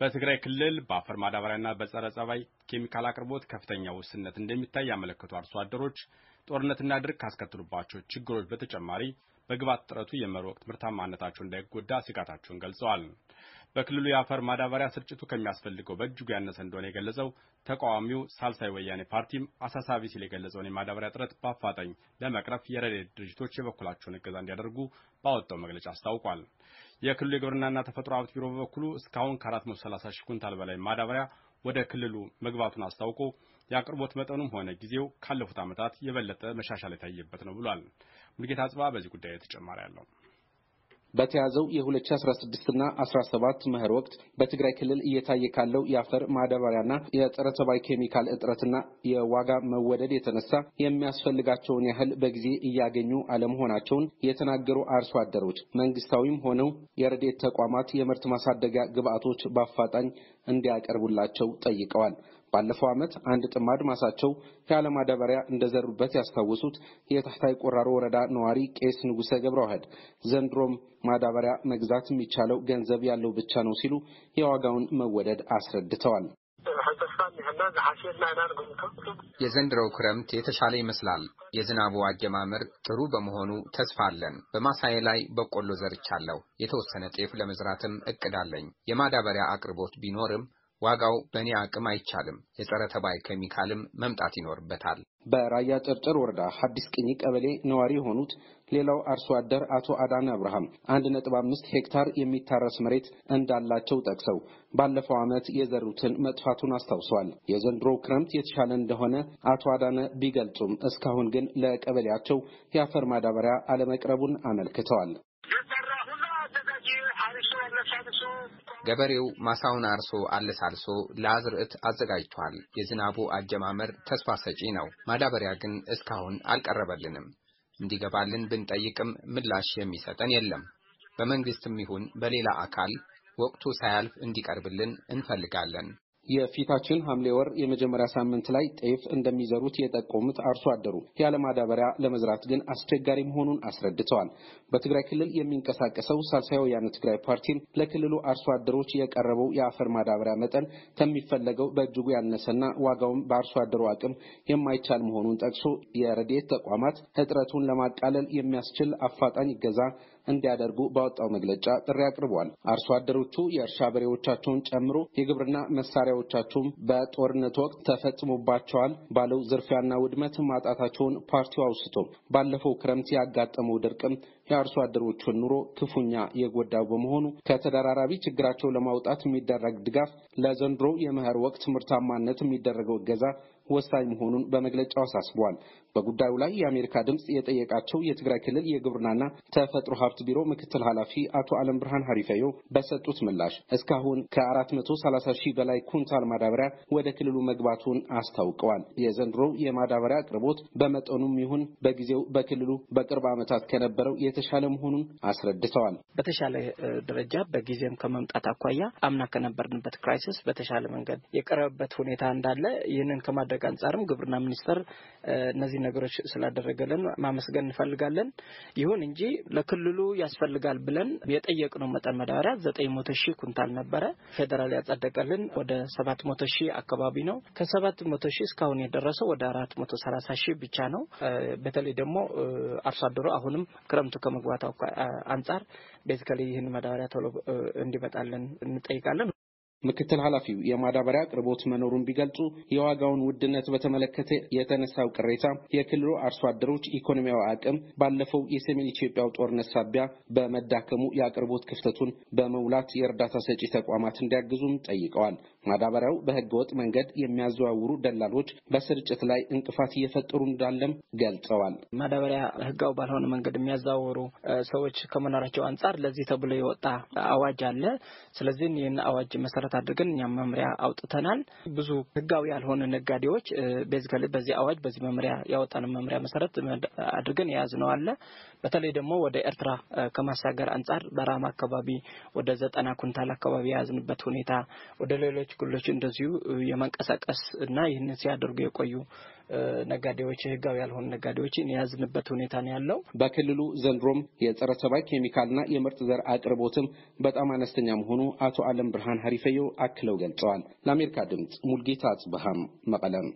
በትግራይ ክልል በአፈር ማዳበሪያና በጸረ ጸባይ ኬሚካል አቅርቦት ከፍተኛ ውስንነት እንደሚታይ ያመለከቱ አርሶ አደሮች ጦርነትና ድርቅ ካስከትሉባቸው ችግሮች በተጨማሪ በግብዓት ጥረቱ የመር ወቅት ምርታማነታቸው እንዳይጎዳ ስጋታቸውን ገልጸዋል። በክልሉ የአፈር ማዳበሪያ ስርጭቱ ከሚያስፈልገው በእጅጉ ያነሰ እንደሆነ የገለጸው ተቃዋሚው ሳልሳይ ወያኔ ፓርቲም አሳሳቢ ሲል የገለጸውን የማዳበሪያ ጥረት በአፋጣኝ ለመቅረፍ የረድኤት ድርጅቶች የበኩላቸውን እገዛ እንዲያደርጉ ባወጣው መግለጫ አስታውቋል። የክልሉ የግብርናና ተፈጥሮ ሀብት ቢሮ በበኩሉ እስካሁን ከ ሰላሳ ሺህ ኩንታል በላይ ማዳበሪያ ወደ ክልሉ መግባቱን አስታውቆ የአቅርቦት መጠኑም ሆነ ጊዜው ካለፉት ዓመታት የበለጠ መሻሻል የታየበት ነው ብሏል። ሙልጌታ አጽባ በዚህ ጉዳይ ተጨማሪ አለው። በተያዘው የ2016ና 17 መኸር ወቅት በትግራይ ክልል እየታየ ካለው የአፈር ማዳበሪያና የጸረ ተባይ ኬሚካል እጥረትና የዋጋ መወደድ የተነሳ የሚያስፈልጋቸውን ያህል በጊዜ እያገኙ አለመሆናቸውን የተናገሩ አርሶ አደሮች መንግስታዊም ሆነው የረዴት ተቋማት የምርት ማሳደጊያ ግብዓቶች በአፋጣኝ እንዲያቀርቡላቸው ጠይቀዋል። ባለፈው ዓመት አንድ ጥማድ ማሳቸው ማዳበሪያ እንደዘሩበት ያስታውሱት የታሕታይ ቆራሮ ወረዳ ነዋሪ ቄስ ንጉሠ ገብረ ዋህድ ዘንድሮም ማዳበሪያ መግዛት የሚቻለው ገንዘብ ያለው ብቻ ነው ሲሉ የዋጋውን መወደድ አስረድተዋል። የዘንድሮው ክረምት የተሻለ ይመስላል። የዝናቡ አጀማመር ጥሩ በመሆኑ ተስፋ አለን። በማሳዬ ላይ በቆሎ ዘርቻለሁ። የተወሰነ ጤፍ ለመዝራትም እቅድ አለኝ። የማዳበሪያ አቅርቦት ቢኖርም ዋጋው በእኔ አቅም አይቻልም። የጸረ ተባይ ኬሚካልም መምጣት ይኖርበታል። በራያ ጨርጨር ወረዳ ሀዲስ ቅኝ ቀበሌ ነዋሪ የሆኑት ሌላው አርሶ አደር አቶ አዳነ አብርሃም አንድ ነጥብ አምስት ሄክታር የሚታረስ መሬት እንዳላቸው ጠቅሰው ባለፈው ዓመት የዘሩትን መጥፋቱን አስታውሰዋል። የዘንድሮ ክረምት የተሻለ እንደሆነ አቶ አዳነ ቢገልጹም እስካሁን ግን ለቀበሌያቸው የአፈር ማዳበሪያ አለመቅረቡን አመልክተዋል። ገበሬው ማሳውን አርሶ አለሳልሶ ለአዝርዕት አዘጋጅቷል። የዝናቡ አጀማመር ተስፋ ሰጪ ነው። ማዳበሪያ ግን እስካሁን አልቀረበልንም። እንዲገባልን ብንጠይቅም ምላሽ የሚሰጠን የለም። በመንግስትም ይሁን በሌላ አካል ወቅቱ ሳያልፍ እንዲቀርብልን እንፈልጋለን። የፊታችን ሐምሌ ወር የመጀመሪያ ሳምንት ላይ ጤፍ እንደሚዘሩት የጠቆሙት አርሶ አደሩ ያለ ማዳበሪያ ለመዝራት ግን አስቸጋሪ መሆኑን አስረድተዋል። በትግራይ ክልል የሚንቀሳቀሰው ሳልሳይ ወያነ ትግራይ ፓርቲም ለክልሉ አርሶ አደሮች የቀረበው የአፈር ማዳበሪያ መጠን ከሚፈለገው በእጅጉ ያነሰና ዋጋውም በአርሶ አደሩ አቅም የማይቻል መሆኑን ጠቅሶ የረድኤት ተቋማት እጥረቱን ለማቃለል የሚያስችል አፋጣኝ እገዛ እንዲያደርጉ ባወጣው መግለጫ ጥሪ አቅርቧል። አርሶ አደሮቹ የእርሻ በሬዎቻቸውን ጨምሮ የግብርና መሳሪያዎቻቸውም በጦርነት ወቅት ተፈጽሞባቸዋል ባለው ዝርፊያና ውድመት ማጣታቸውን ፓርቲው አውስቶ ባለፈው ክረምት ያጋጠመው ድርቅም የአርሶ አደሮቹን ኑሮ ክፉኛ የጎዳው በመሆኑ ከተደራራቢ ችግራቸው ለማውጣት የሚደረግ ድጋፍ ለዘንድሮ የመኸር ወቅት ምርታማነት የሚደረገው እገዛ ወሳኝ መሆኑን በመግለጫው አሳስቧል። በጉዳዩ ላይ የአሜሪካ ድምፅ የጠየቃቸው የትግራይ ክልል የግብርናና ተፈጥሮ ሀብት ቢሮ ምክትል ኃላፊ አቶ አለም ብርሃን ሀሪፈዮ በሰጡት ምላሽ እስካሁን ከ430 ሺህ በላይ ኩንታል ማዳበሪያ ወደ ክልሉ መግባቱን አስታውቀዋል። የዘንድሮ የማዳበሪያ አቅርቦት በመጠኑም ይሁን በጊዜው በክልሉ በቅርብ ዓመታት ከነበረው የተሻለ መሆኑን አስረድተዋል። በተሻለ ደረጃ በጊዜም ከመምጣት አኳያ አምና ከነበርንበት ክራይሲስ በተሻለ መንገድ የቀረበበት ሁኔታ እንዳለ ይህንን ከማድረግ አንጻርም ግብርና ሚኒስቴር እነዚህ ነገሮች ስላደረገልን ማመስገን እንፈልጋለን። ይሁን እንጂ ለክልሉ ያስፈልጋል ብለን የጠየቅነው መጠን መዳበሪያ ዘጠኝ መቶ ሺህ ኩንታል ነበረ። ፌዴራል ያጸደቀልን ወደ ሰባት መቶ ሺህ አካባቢ ነው። ከሰባት መቶ ሺህ እስካሁን የደረሰው ወደ አራት መቶ ሰላሳ ሺህ ብቻ ነው። በተለይ ደግሞ አርሶ አደሩ አሁንም ክረምቱ ከመግባታው አንጻር ቤዚካሊ ይህን ማዳበሪያ ቶሎ እንዲመጣልን እንጠይቃለን። ምክትል ኃላፊው የማዳበሪያ አቅርቦት መኖሩን ቢገልጹ የዋጋውን ውድነት በተመለከተ የተነሳው ቅሬታ የክልሉ አርሶ አደሮች ኢኮኖሚያዊ አቅም ባለፈው የሰሜን ኢትዮጵያው ጦርነት ሳቢያ በመዳከሙ የአቅርቦት ክፍተቱን በመሙላት የእርዳታ ሰጪ ተቋማት እንዲያግዙም ጠይቀዋል። ማዳበሪያው በህገወጥ መንገድ የሚያዘዋውሩ ደላሎች በስርጭት ላይ እንቅፋት እየፈጠሩ እንዳለም ገልጸዋል። ማዳበሪያ ህጋው ባልሆነ መንገድ የሚያዘዋውሩ ሰዎች ከመኖራቸው አንጻር ለዚህ ተብሎ የወጣ አዋጅ አለ። ስለዚህ ይህን አዋጅ መሰረት አድርገን እኛም መምሪያ አውጥተናል። ብዙ ህጋዊ ያልሆነ ነጋዴዎች ቤዝገል በዚህ አዋጅ በዚህ መምሪያ ያወጣነው መምሪያ መሰረት አድርገን የያዝነው አለ። በተለይ ደግሞ ወደ ኤርትራ ከማሻገር አንጻር በራማ አካባቢ ወደ ዘጠና ኩንታል አካባቢ የያዝንበት ሁኔታ ወደ ሌሎች ችግሮች እንደዚሁ የመንቀሳቀስ እና ይህንን ሲያደርጉ የቆዩ ነጋዴዎች ህጋዊ ያልሆኑ ነጋዴዎችን የያዝንበት ሁኔታ ነው ያለው። በክልሉ ዘንድሮም የጸረ ተባይ ኬሚካልና የምርጥ ዘር አቅርቦትም በጣም አነስተኛ መሆኑ አቶ አለም ብርሃን ሀሪፈየው አክለው ገልጸዋል። ለአሜሪካ ድምፅ ሙልጌታ አጽብሃም መቀለም